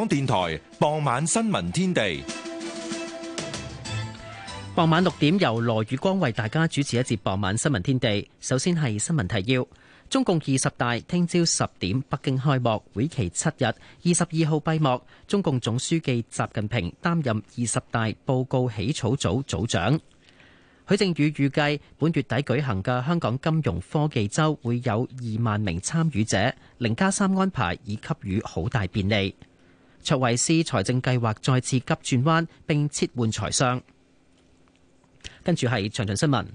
港電台傍晚新聞天地，傍晚六點由羅宇光為大家主持一節傍晚新聞天地。首先係新聞提要：中共二十大聽朝十點北京開幕，會期七日，二十二號閉幕。中共總書記習近平擔任二十大報告起草組組長。許正宇預計本月底舉行嘅香港金融科技周會有二萬名參與者，零加三安排已給予好大便利。卓慧思財政計劃再次急轉彎，並撤換財相。跟住係長長新聞。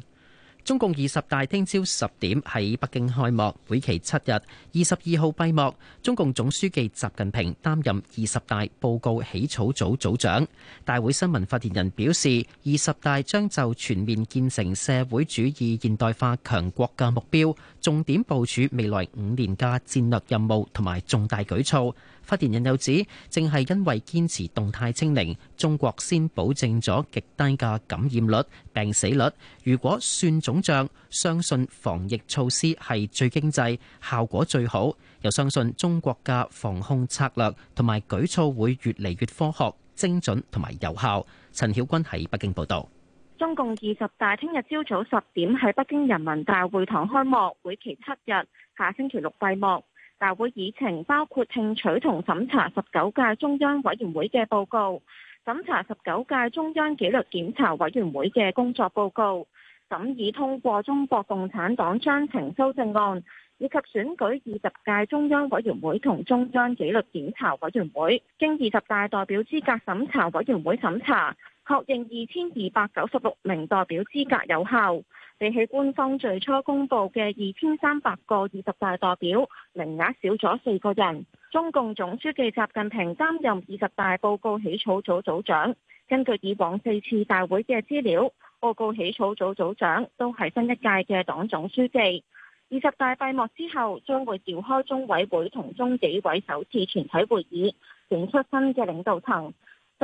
中共二十大聽朝十點喺北京開幕，會期七日，二十二號閉幕。中共總書記習近平擔任二十大報告起草組組長。大會新聞發言人表示，二十大將就全面建成社會主義現代化強國嘅目標。重點部署未來五年嘅戰略任務同埋重大舉措。發言人又指，正係因為堅持動態清零，中國先保證咗極低嘅感染率、病死率。如果算總帳，相信防疫措施係最經濟、效果最好。又相信中國嘅防控策略同埋舉措會越嚟越科學、精準同埋有效。陳曉君喺北京報導。中共二十大聽日朝早十點喺北京人民大會堂開幕，會期七日，下星期六閉幕。大會議程包括聽取同審查十九屆中央委員會嘅報告，審查十九屆中央紀律檢查委員會嘅工作報告，審議通過中國共產黨章程修正案，以及選舉二十屆中央委員會同中央紀律檢查委員會，經二十大代表資格審查委員會審查。確認二千二百九十六名代表資格有效，比起官方最初公布嘅二千三百個二十大代表，名額少咗四個人。中共總書記習近平擔任二十大報告起草組組長。根據以往四次大會嘅資料，報告起草組組長都係新一屆嘅黨總書記。二十大閉幕之後，將會召開中委會同中紀委首次全體會議，選出新嘅領導層。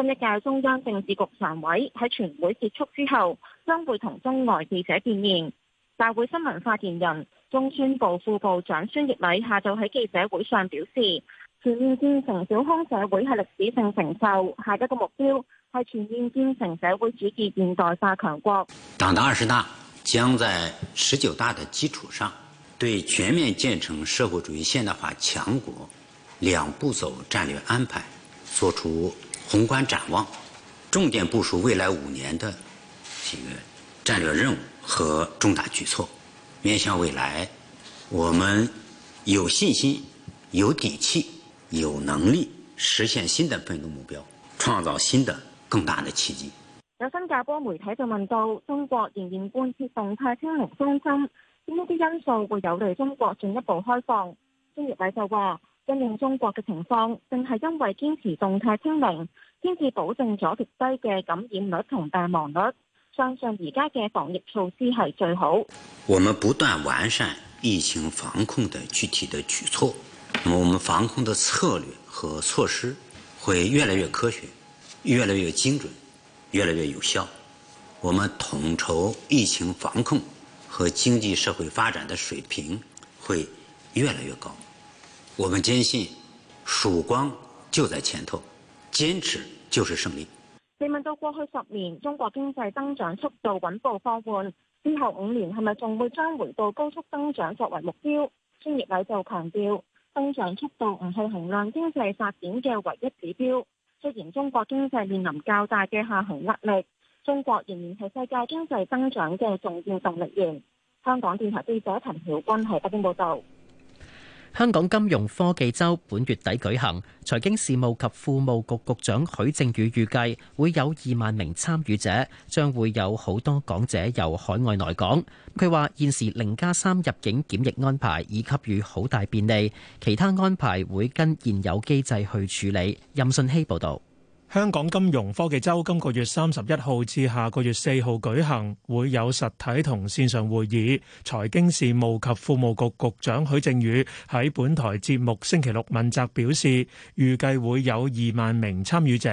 新一屆中央政治局常委喺全會結束之後，將會同中外記者見面。大會新聞發言人、中宣部副部長孫業禮下晝喺記者會上表示：全面建成小康社會係歷史性成就，下一個目標係全面建成社會主義現代化強國。黨的二十大將在十九大的基礎上，對全面建成社會主義現代化強國兩步走戰略安排作出宏觀展望，重點部署未來五年的這個戰略任務和重大舉措。面向未來，我們有信心、有底氣、有能力實現新的奮鬥目標，創造新的更大的奇蹟。有新加坡媒體就問到：中國仍然貫徹動態清零中心，邊一啲因素會有利中國進一步開放？專業解就話。因應中國嘅情況，正係因為堅持動態清零，先至保證咗極低嘅感染率同病亡率。相信而家嘅防疫措施係最好。我們不斷完善疫情防控的具體的舉措，我們防控的策略和措施會越來越科學、越來越精準、越來越有效。我們統籌疫情防控和經濟社會發展的水平會越來越高。我們堅信，曙光就在前頭，堅持就是勝利。被問到過去十年中國經濟增長速度穩步放緩，之後五年係咪仲會將回到高速增長作為目標？孫業偉就強調，增長速度唔係衡量經濟發展嘅唯一指標。雖然中國經濟面臨較大嘅下行壓力，中國仍然係世界經濟增長嘅重要動力源。香港電台記者陳曉君喺北京報道。香港金融科技周本月底舉行，財經事務及庫務局局，局長許正宇預計會有二萬名參與者，將會有好多講者由海外來港。佢話現時零加三入境檢疫安排已給予好大便利，其他安排會跟現有機制去處理。任信希報道。香港金融科技周今個月三十一號至下個月四號舉行，會有實體同線上會議。財經事務及庫務局局長許正宇喺本台節目星期六問責表示，預計會有二萬名參與者。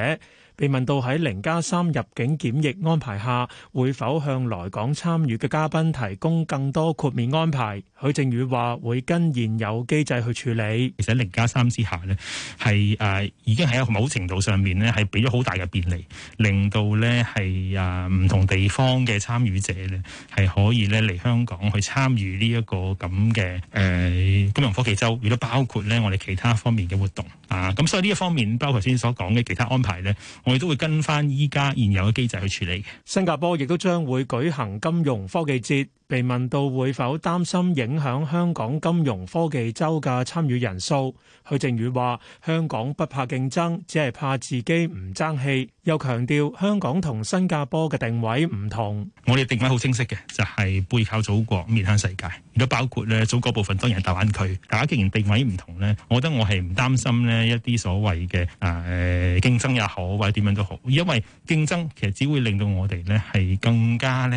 被問到喺零加三入境檢疫安排下，會否向來港參與嘅嘉賓提供更多豁免安排？許正宇話：會跟現有機制去處理。其實零加三之下呢，係誒、啊、已經喺某程度上面呢，係俾咗好大嘅便利，令到呢係誒唔同地方嘅參與者呢，係可以呢嚟香港去參與呢一個咁嘅誒金融科技周，亦都包括呢我哋其他方面嘅活動。啊，咁所以呢一方面，包括先所講嘅其他安排呢。我哋都會跟翻依家現有嘅機制去處理嘅。新加坡亦都將會舉行金融科技節。被問到會否擔心影響香港金融科技周嘅參與人數，許正宇話：香港不怕競爭，只係怕自己唔爭氣。又強調香港同新加坡嘅定位唔同。我哋定位好清晰嘅，就係背靠祖國，面向世界。如果包括咧，祖國部分當然係大灣區。大家既然定位唔同呢，我覺得我係唔擔心呢一啲所謂嘅誒競爭也好，或者都好，因為競爭其實只會令到我哋係更加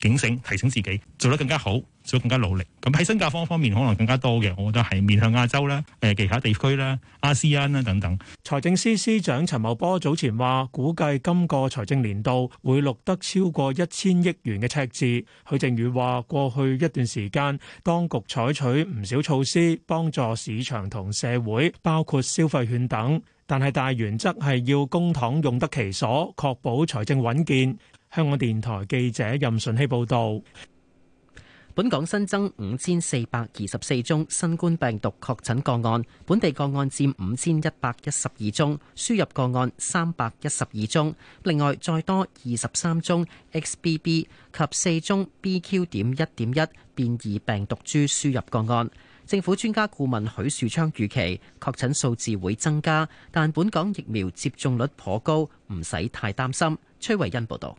警醒，提醒自己做得更加好，做更加努力。咁喺新加坡方面可能更加多嘅，我覺得係面向亞洲啦、其他地區啦、亞細安啦等等。財政司司長陳茂波早前話，估計今個財政年度會錄得超過一千億元嘅赤字。許正宇話，過去一段時間，當局採取唔少措施幫助市場同社會，包括消費券等。但係大原則係要公帑用得其所，確保財政穩健。香港電台記者任順希報導，本港新增五千四百二十四宗新冠病毒確診個案，本地個案佔五千一百一十二宗，輸入個案三百一十二宗，另外再多二十三宗 XBB 及四宗 BQ. 點一點一變異病毒株輸入個案。政府專家顧問許樹昌預期，確診數字會增加，但本港疫苗接種率頗高，唔使太擔心。崔惠恩報導，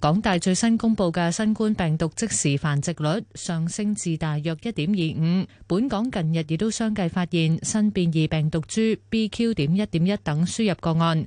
港大最新公布嘅新冠病毒即時繁殖率上升至大約一點二五，本港近日亦都相繼發現新變異病毒株 BQ.1.1 等輸入個案。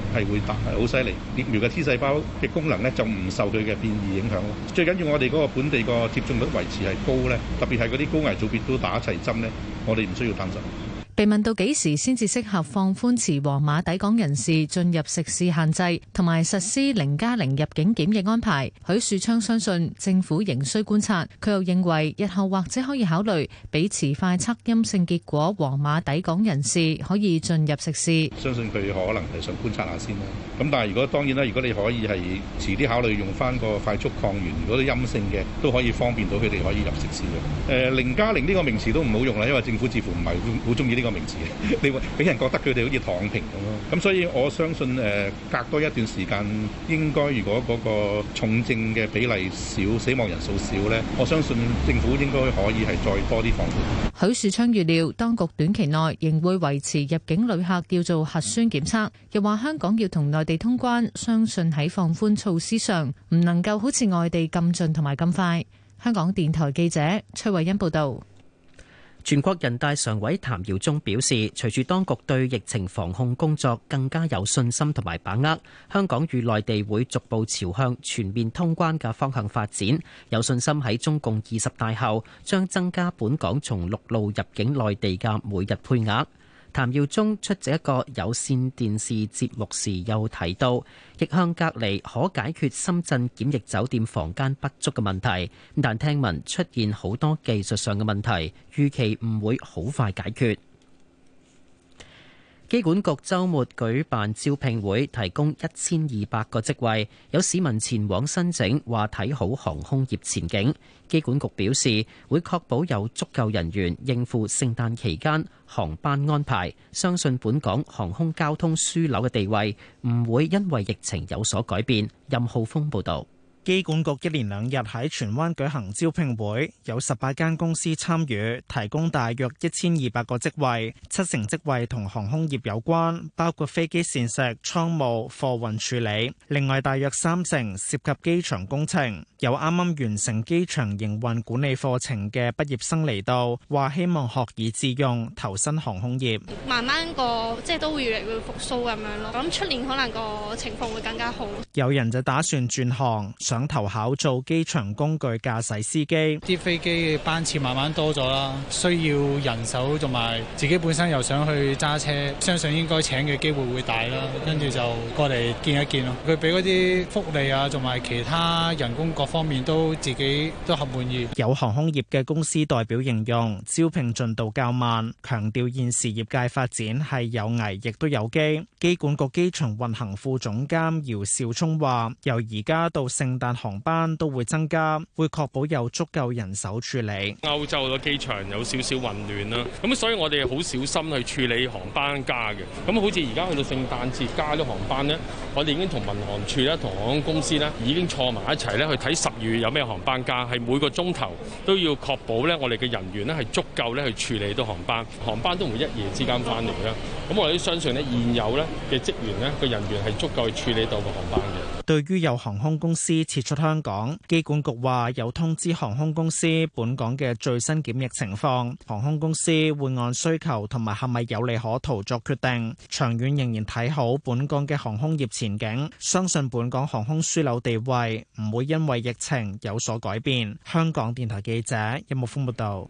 係會大係好犀利，疫苗嘅 T 細胞嘅功能咧就唔受佢嘅變異影響咯。最緊要我哋嗰個本地個接種率維持係高咧，特別係嗰啲高危組別都打齊針咧，我哋唔需要擔心。被問到幾時先至適合放寬持黃碼抵港人士進入食肆限制，同埋實施零加零入境檢疫安排，許樹昌相信政府仍需觀察。佢又認為日後或者可以考慮俾持快測陰性結果黃碼抵港人士可以進入食肆。相信佢可能係想觀察下先啦。咁但係如果當然啦，如果你可以係遲啲考慮用翻個快速抗原如果都陰性嘅，都可以方便到佢哋可以入食肆嘅。誒零加零呢個名詞都唔好用啦，因為政府似乎唔係好中意呢個。名字你會俾人覺得佢哋好似躺平咁咯。咁所以我相信隔多一段時間，應該如果嗰個重症嘅比例少，死亡人數少呢，我相信政府應該可以係再多啲放寬。許樹昌預料，當局短期內仍會維持入境旅客要做核酸檢測，又話香港要同內地通關，相信喺放寬措施上，唔能夠好似外地咁盡同埋咁快。香港電台記者崔慧欣報導。全國人大常委譚耀宗表示，隨住當局對疫情防控工作更加有信心同埋把握，香港與內地會逐步朝向全面通關嘅方向發展，有信心喺中共二十大後將增加本港從陸路入境內地嘅每日配額。譚耀宗出席一個有線電視節目時又，又提到逆向隔離可解決深圳檢疫酒店房間不足嘅問題，但聽聞出現好多技術上嘅問題，預期唔會好快解決。機管局周末舉辦招聘會，提供一千二百個職位，有市民前往申請，話睇好航空業前景。機管局表示，會確保有足夠人員應付聖誕期間航班安排，相信本港航空交通樞紐嘅地位唔會因為疫情有所改變。任浩峰報道。機管局一連兩日喺荃灣舉行招聘會，有十八間公司參與，提供大約一千二百個職位，七成職位同航空業有關，包括飛機膳食、倉務、貨運處理。另外大約三成涉及機場工程。有啱啱完成機場營運管理課程嘅畢業生嚟到，話希望學以致用，投身航空業。慢慢個即係都會越嚟越復蘇咁樣咯。咁出年可能個情況會更加好。有人就打算轉行。想投考做機場工具駕駛司機，啲飛機嘅班次慢慢多咗啦，需要人手，同埋自己本身又想去揸車，相信應該請嘅機會會大啦。跟住就過嚟見一見咯。佢俾嗰啲福利啊，同埋其他人工各方面都自己都合滿意。有航空業嘅公司代表形容招聘進度較慢，強調現時業界發展係有危亦都有機。機管局機場運行副總監姚少聰話由而家到聖但航班都會增加，會確保有足夠人手處理。歐洲嘅機場有少少混亂啦，咁所以我哋好小心去處理航班加嘅。咁好似而家去到聖誕節加咗航班咧，我哋已經同民航處咧、同航空公司咧已經坐埋一齊咧去睇十月有咩航班加，係每個鐘頭都要確保咧我哋嘅人員咧係足夠咧去處理到航班。航班都唔會一夜之間翻嚟啦，咁我哋相信呢，現有咧嘅職員咧嘅人員係足夠去處理到個航班嘅。對於有航空公司撤出香港，機管局話有通知航空公司本港嘅最新檢疫情況，航空公司會按需求同埋係咪有利可圖作決定。長遠仍然睇好本港嘅航空業前景，相信本港航空樞紐地位唔會因為疫情有所改變。香港電台記者任木峰報道。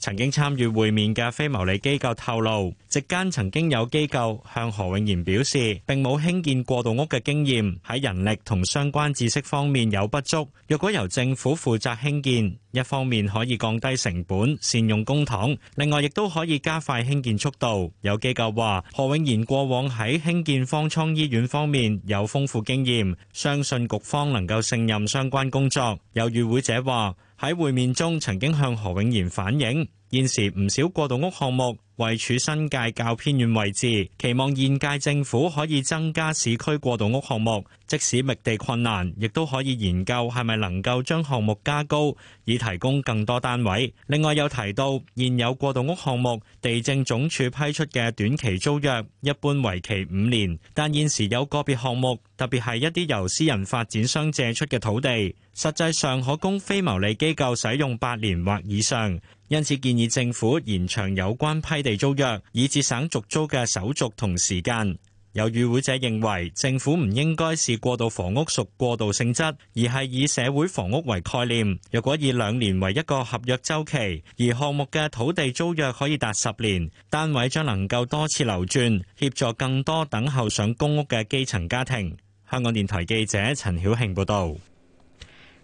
曾經參與會面嘅非牟利機構透露，席間曾經有機構向何永賢表示，並冇興建過渡屋嘅經驗，喺人力同相關知識方面有不足。若果由政府負責興建，一方面可以降低成本，善用公帑；另外亦都可以加快興建速度。有機構話，何永賢過往喺興建方艙醫院方面有豐富經驗，相信局方能夠勝任相關工作。有與會者話，喺會面中曾經向何永賢反映，現時唔少過渡屋項目，位處新界較偏遠位置，期望現屆政府可以增加市區過渡屋項目，即使覓地困難，亦都可以研究係咪能夠將項目加高，以提供更多單位。另外有提到現有過渡屋項目，地政總署批出嘅短期租約一般為期五年，但現時有個別項目，特別係一啲由私人發展商借出嘅土地，實際上可供非牟利機構使用八年或以上，因此建議政府延長有關批地租約以至省續租嘅手續同時間，有與會者認為政府唔應該視過渡房屋屬過渡性質，而係以社會房屋為概念。若果以兩年為一個合約周期，而項目嘅土地租約可以達十年，單位將能夠多次流轉，協助更多等候上公屋嘅基層家庭。香港電台記者陳曉慶報道。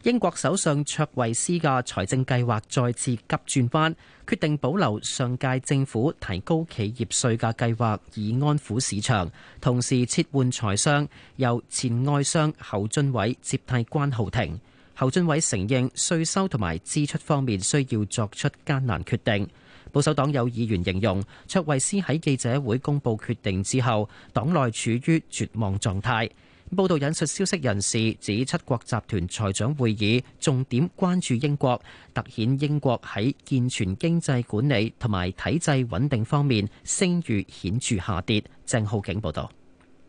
英國首相卓慧斯嘅財政計劃再次急轉彎，決定保留上屆政府提高企業稅嘅計劃以安撫市場，同時撤換財商，由前外商侯俊偉接替關浩廷。侯俊偉承認，稅收同埋支出方面需要作出艱難決定。保守黨有議員形容，卓慧斯喺記者會公布決定之後，黨內處於絕望狀態。報道引述消息人士指，七國集團財長會議重點關注英國，突顯英國喺健全經濟管理同埋體制穩定方面聲譽顯著下跌。鄭浩景報導，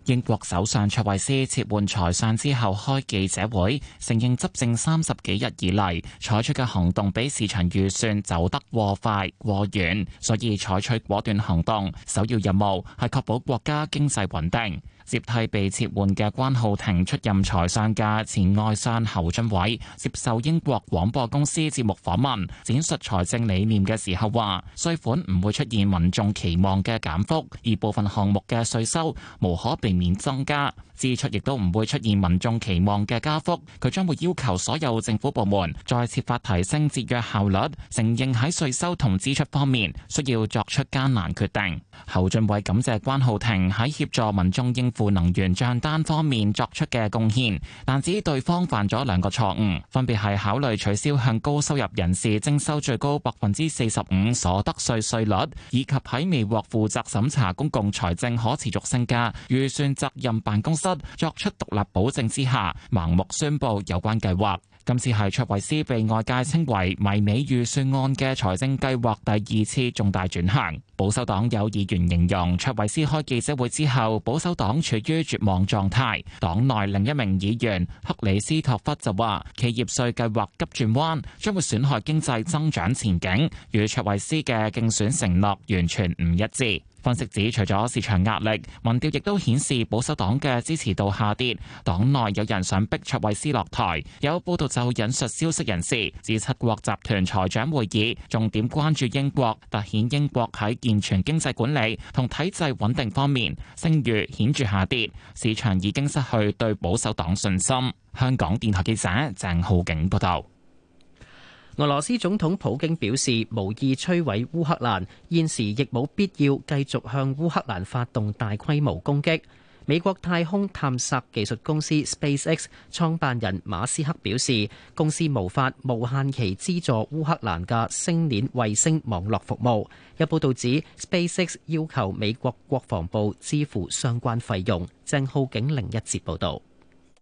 英國首相卓慧思撤換財相之後開記者會，承認執政三十幾日以嚟採取嘅行動比市場預算走得過快過遠，所以採取果斷行動。首要任務係確保國家經濟穩定。接替被撤換嘅關浩庭出任財相嘅前外相侯俊偉接受英國廣播公司節目訪問，展述財政理念嘅時候話稅款唔會出現民眾期望嘅減幅，而部分項目嘅稅收無可避免增加。支出亦都唔會出現民眾期望嘅加幅，佢將會要求所有政府部門再設法提升節約效率，承認喺稅收同支出方面需要作出艱難決定。侯俊偉感謝關浩庭喺協助民眾應付能源帳單方面作出嘅貢獻，但指對方犯咗兩個錯誤，分別係考慮取消向高收入人士徵收最高百分之四十五所得稅稅率，以及喺未獲負責審查公共財政可持續性嘅預算責任辦公室作出獨立保證之下，盲目宣佈有關計劃。今次係卓維斯被外界稱為迷你預算案嘅財政計劃第二次重大轉向。保守黨有議員形容卓維斯開記者會之後，保守黨處於絕望狀態。黨內另一名議員克里斯托弗就話：企業稅計劃急轉彎，將會損害經濟增長前景，與卓維斯嘅競選承諾完全唔一致。分析指，除咗市場壓力，民調亦都顯示保守黨嘅支持度下跌，黨內有人想逼卓慧思落台。有報道就引述消息人士指，七國集團財長會議重點關注英國，突顯英國喺健全經濟管理同體制穩定方面聲譽顯著下跌，市場已經失去對保守黨信心。香港電台記者鄭浩景報道。俄羅斯總統普京表示無意摧毀烏克蘭，現時亦冇必要繼續向烏克蘭發動大規模攻擊。美國太空探索技術公司 SpaceX 創辦人馬斯克表示，公司無法無限期資助烏克蘭嘅星鏈衛星網絡服務。有報道指 SpaceX 要求美國國防部支付相關費用。正浩景另一節報道。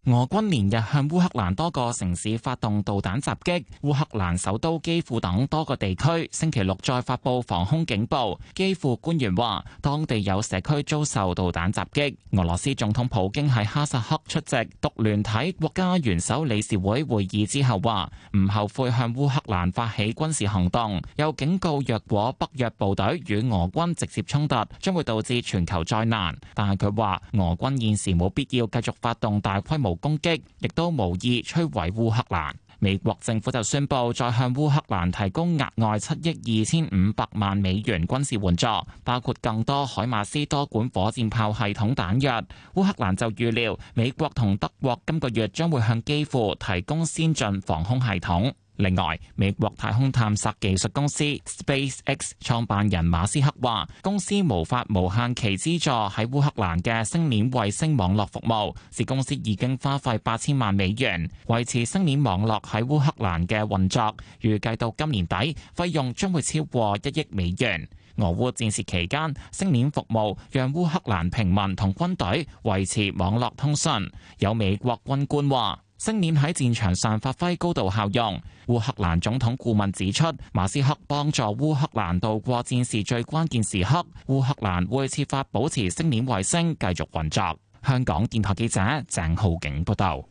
俄軍連日向烏克蘭多個城市發動導彈襲擊，烏克蘭首都基輔等多個地區星期六再發佈防空警報。基輔官員話，當地有社區遭受導彈襲擊。俄羅斯總統普京喺哈薩克出席獨聯體國家元首理事會會議之後話，唔後悔向烏克蘭發起軍事行動，又警告若果北約部隊與俄軍直接衝突，將會導致全球災難。但係佢話，俄軍現時冇必要繼續發動大規模。攻擊亦都無意摧毀烏克蘭。美國政府就宣布再向烏克蘭提供額外七億二千五百萬美元軍事援助，包括更多海馬斯多管火箭炮系統彈藥。烏克蘭就預料美國同德國今個月將會向基輔提供先進防空系統。另外，美國太空探索技術公司 SpaceX 創辦人馬斯克話：公司無法無限期資助喺烏克蘭嘅星鏈衛星網絡服務，是公司已經花費八千萬美元維持星鏈網絡喺烏克蘭嘅運作，預計到今年底費用將會超過一億美元。俄烏戰事期間，星鏈服務讓烏克蘭平民同軍隊維持網絡通訊。有美國軍官話：星鏈喺戰場上發揮高度效用。烏克蘭總統顧問指出，馬斯克幫助烏克蘭度過戰時最關鍵時刻。烏克蘭會設法保持星鏈衛星繼續運作。香港電台記者鄭浩景報道。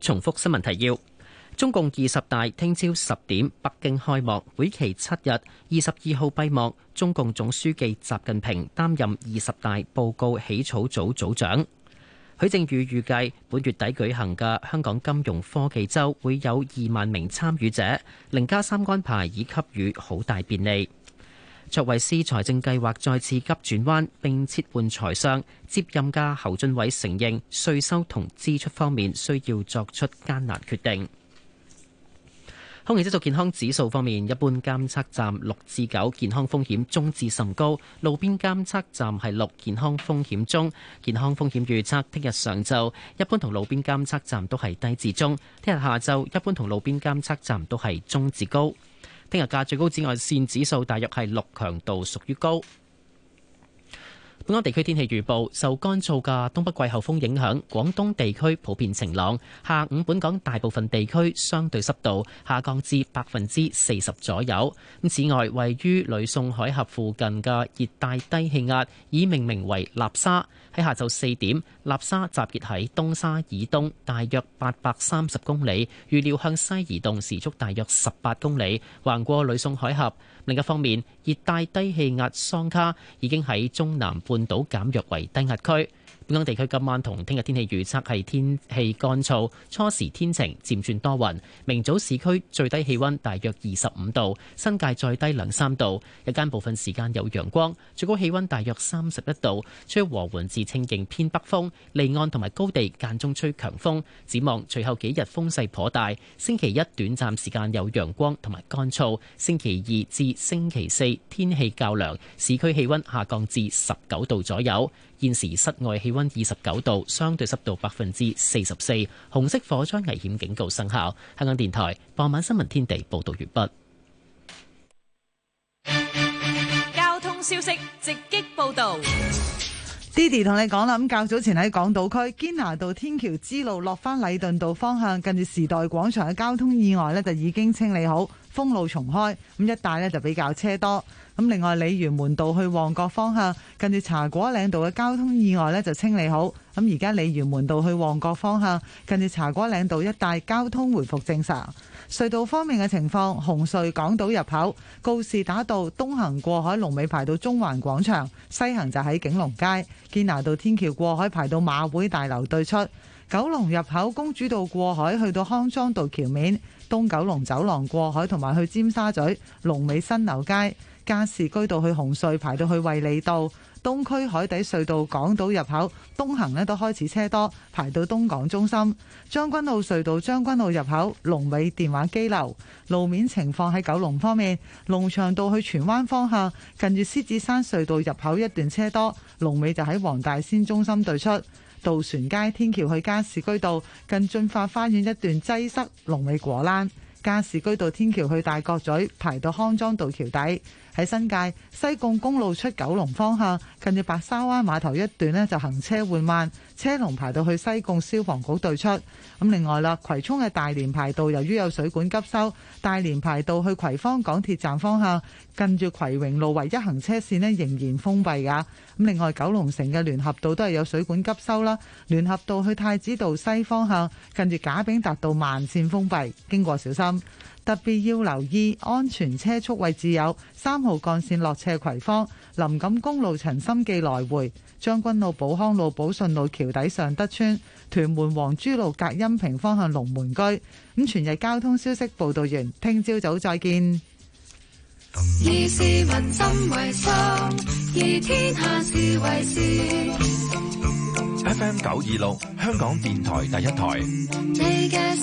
重複新聞提要：中共二十大聽朝十點北京開幕，會期七日，二十二號閉幕。中共總書記習近平擔任二十大報告起草組組長。許正宇預計本月底舉行嘅香港金融科技周會有二萬名參與者，零加三安排已給予好大便利。卓慧思財政計劃再次急轉彎，並撤換財相接任嘅侯俊偉承認，稅收同支出方面需要作出艱難決定。空氣質素健康指數方面，一般監測站六至九，健康風險中至甚高；路邊監測站係六，健康風險中。健康風險預測：聽日上晝，一般同路邊監測站都係低至中；聽日下晝，一般同路邊監測站都係中至高。聽日嘅最高紫外綫指數大約係六，強度屬於高。本港地區天氣預報，受乾燥嘅東北季候風影響，廣東地區普遍晴朗。下午本港大部分地區相對濕度下降至百分之四十左右。此外，位於呂宋海峽附近嘅熱帶低氣壓已命名為納沙。喺下晝四點納沙，集結喺東沙以東大約八百三十公里，預料向西移動時速大約十八公里，橫過呂宋海峽。另一方面，熱帶低氣壓桑卡已經喺中南半到減弱為低壓區。本港地區今晚同聽日天氣預測係，天氣乾燥，初時天晴，漸轉多雲。明早市區最低氣溫大約二十五度，新界再低兩三度。日間部分時間有陽光，最高氣溫大約三十一度，吹和緩至清勁偏北風。離岸同埋高地間中吹強風。展望隨後幾日風勢頗大。星期一短暫時間有陽光同埋乾燥。星期二至星期四天氣較涼，市區氣溫下降至十九度左右。現時室外氣溫二十九度，相對濕度百分之四十四。紅色火災危險警告生效。香港電台傍晚新聞天地報道完畢。交通消息直擊報道。Didi 同你講啦，咁較早前喺港島區堅拿道天橋支路落翻禮頓道方向，近住時代廣場嘅交通意外呢，就已經清理好，封路重開，咁一帶呢就比較車多。咁另外鯉魚門道去旺角方向，近住茶果嶺道嘅交通意外呢，就清理好，咁而家鯉魚門道去旺角方向，近住茶果嶺道一帶交通回復正常。隧道方面嘅情況，紅隧港島入口告士打道東行過海龍尾排到中環廣場，西行就喺景隆街堅拿道天橋過海排到馬會大樓對出，九龍入口公主道過海去到康莊道橋面，東九龍走廊過海同埋去尖沙咀龍尾新樓街加士居道去紅隧排到去衛理道。東區海底隧道港島入口東行呢都開始車多，排到東港中心。將軍澳隧道將軍澳入口龍尾電話機樓。路面情況，喺九龍方面，龍翔道去荃灣方向近住獅子山隧道入口一段車多，龍尾就喺黃大仙中心對出。渡船街天橋去加士居道近駿發花園一段擠塞龍，龍尾果欄。加士居道天橋去大角咀排到康莊道橋底，喺新界西貢公路出九龍方向，近住白沙灣碼頭一段呢就行車緩慢。車龍排到去西貢消防局對出，咁另外啦，葵涌嘅大連排道由於有水管急收，大連排道去葵芳港鐵站方向，近住葵榮路唯一行車線仍然封閉噶。咁另外九龍城嘅聯合道都係有水管急收啦，聯合道去太子道西方向，近住賈炳達道慢線封閉，經過小心。特別要留意安全車速位置，有三號幹線落斜葵芳，林錦公路陳心記來回、將軍澳寶康路寶順路橋底尚德村、屯門黃珠路隔音屏方向龍門居。咁全日交通消息報道完，聽朝早再見。以市民心為心，以天下事為事。FM 九二六，26，香港電臺第一台。 你的新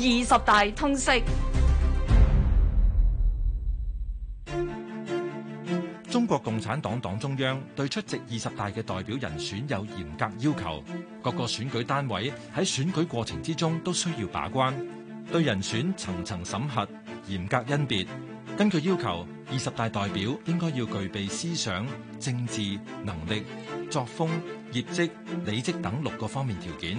二十大通識，中國共產黨黨中央對出席二十大嘅代表人選有嚴格要求，各個選舉單位喺選舉過程之中都需要把關，對人選層層審核，嚴格甄別。根據要求，二十大代表應該要具備思想、政治、能力、作風、業績、理績等六個方面條件。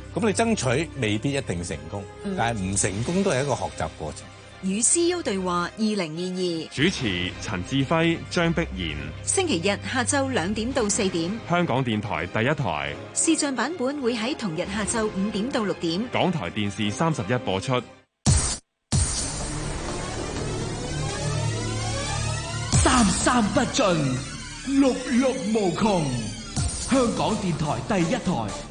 咁你爭取未必一定成功，嗯、但係唔成功都係一個學習過程。與 CEO 對話二零二二，主持陳志輝、張碧然。星期日下晝兩點到四點，香港電台第一台視像版本會喺同日下晝五點到六點，港台電視三十一播出。三三不盡，六六無窮。香港電台第一台。